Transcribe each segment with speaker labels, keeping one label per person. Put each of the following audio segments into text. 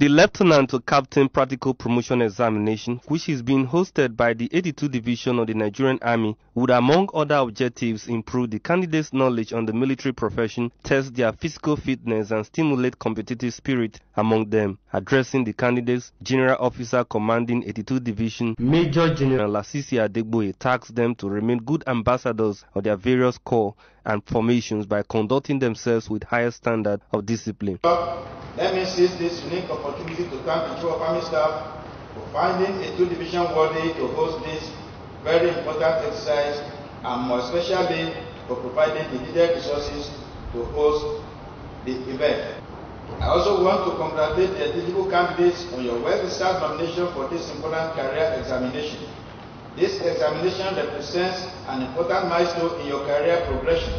Speaker 1: The Lieutenant to Captain Practical Promotion Examination, which is being hosted by the 82 Division of the Nigerian Army, would among other objectives improve the candidates' knowledge on the military profession, test their physical fitness and stimulate competitive spirit among them. Addressing the candidates, General Officer Commanding 82 Division Major General Lasisi Adegboye tasked them to remain good ambassadors of their various corps and formations by conducting themselves with higher standard of discipline.
Speaker 2: Let me seize this unique opportunity to thank the Chief of Army Staff for finding a two division worthy to host this very important exercise and more especially for providing the needed resources to host the event. I also want to congratulate the eligible candidates on your well-deserved nomination for this important career examination. This examination represents an important milestone in your career progression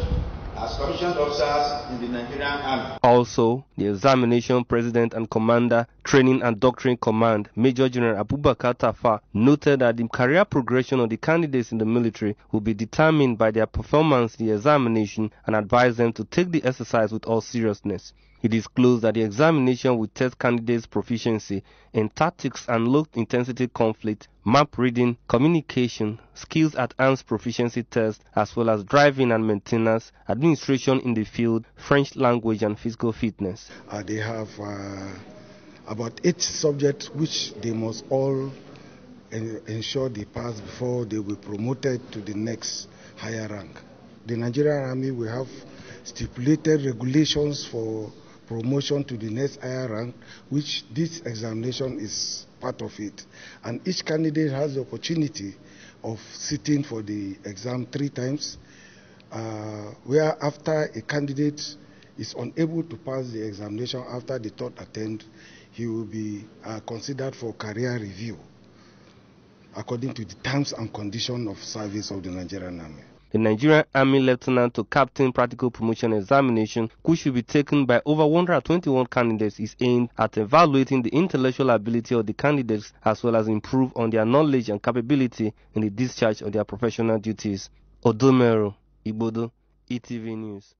Speaker 2: as commissioned officers in the Nigerian Army.
Speaker 1: Also, the examination president and commander, training and doctrine command, Major General Abubakar Tafa, noted that the career progression of the candidates in the military will be determined by their performance in the examination and advised them to take the exercise with all seriousness. He disclosed that the examination would test candidates' proficiency in tactics and low intensity conflict, map reading, communication, skills at arms proficiency tests, as well as driving and maintenance, administration in the field, French language, and physical fitness.
Speaker 3: Uh, they have uh, about eight subjects which they must all en- ensure they pass before they will be promoted to the next higher rank. The Nigerian Army will have stipulated regulations for promotion to the next higher rank, which this examination is part of it. And each candidate has the opportunity of sitting for the exam three times, uh, where after a candidate is unable to pass the examination after the third attempt, he will be uh, considered for career review according to the terms and conditions of service of the Nigerian Army
Speaker 1: the Nigerian Army Lieutenant to Captain Practical Promotion Examination, which should be taken by over 121 candidates, is aimed at evaluating the intellectual ability of the candidates as well as improve on their knowledge and capability in the discharge of their professional duties. Odomero Ibodo, ETV News.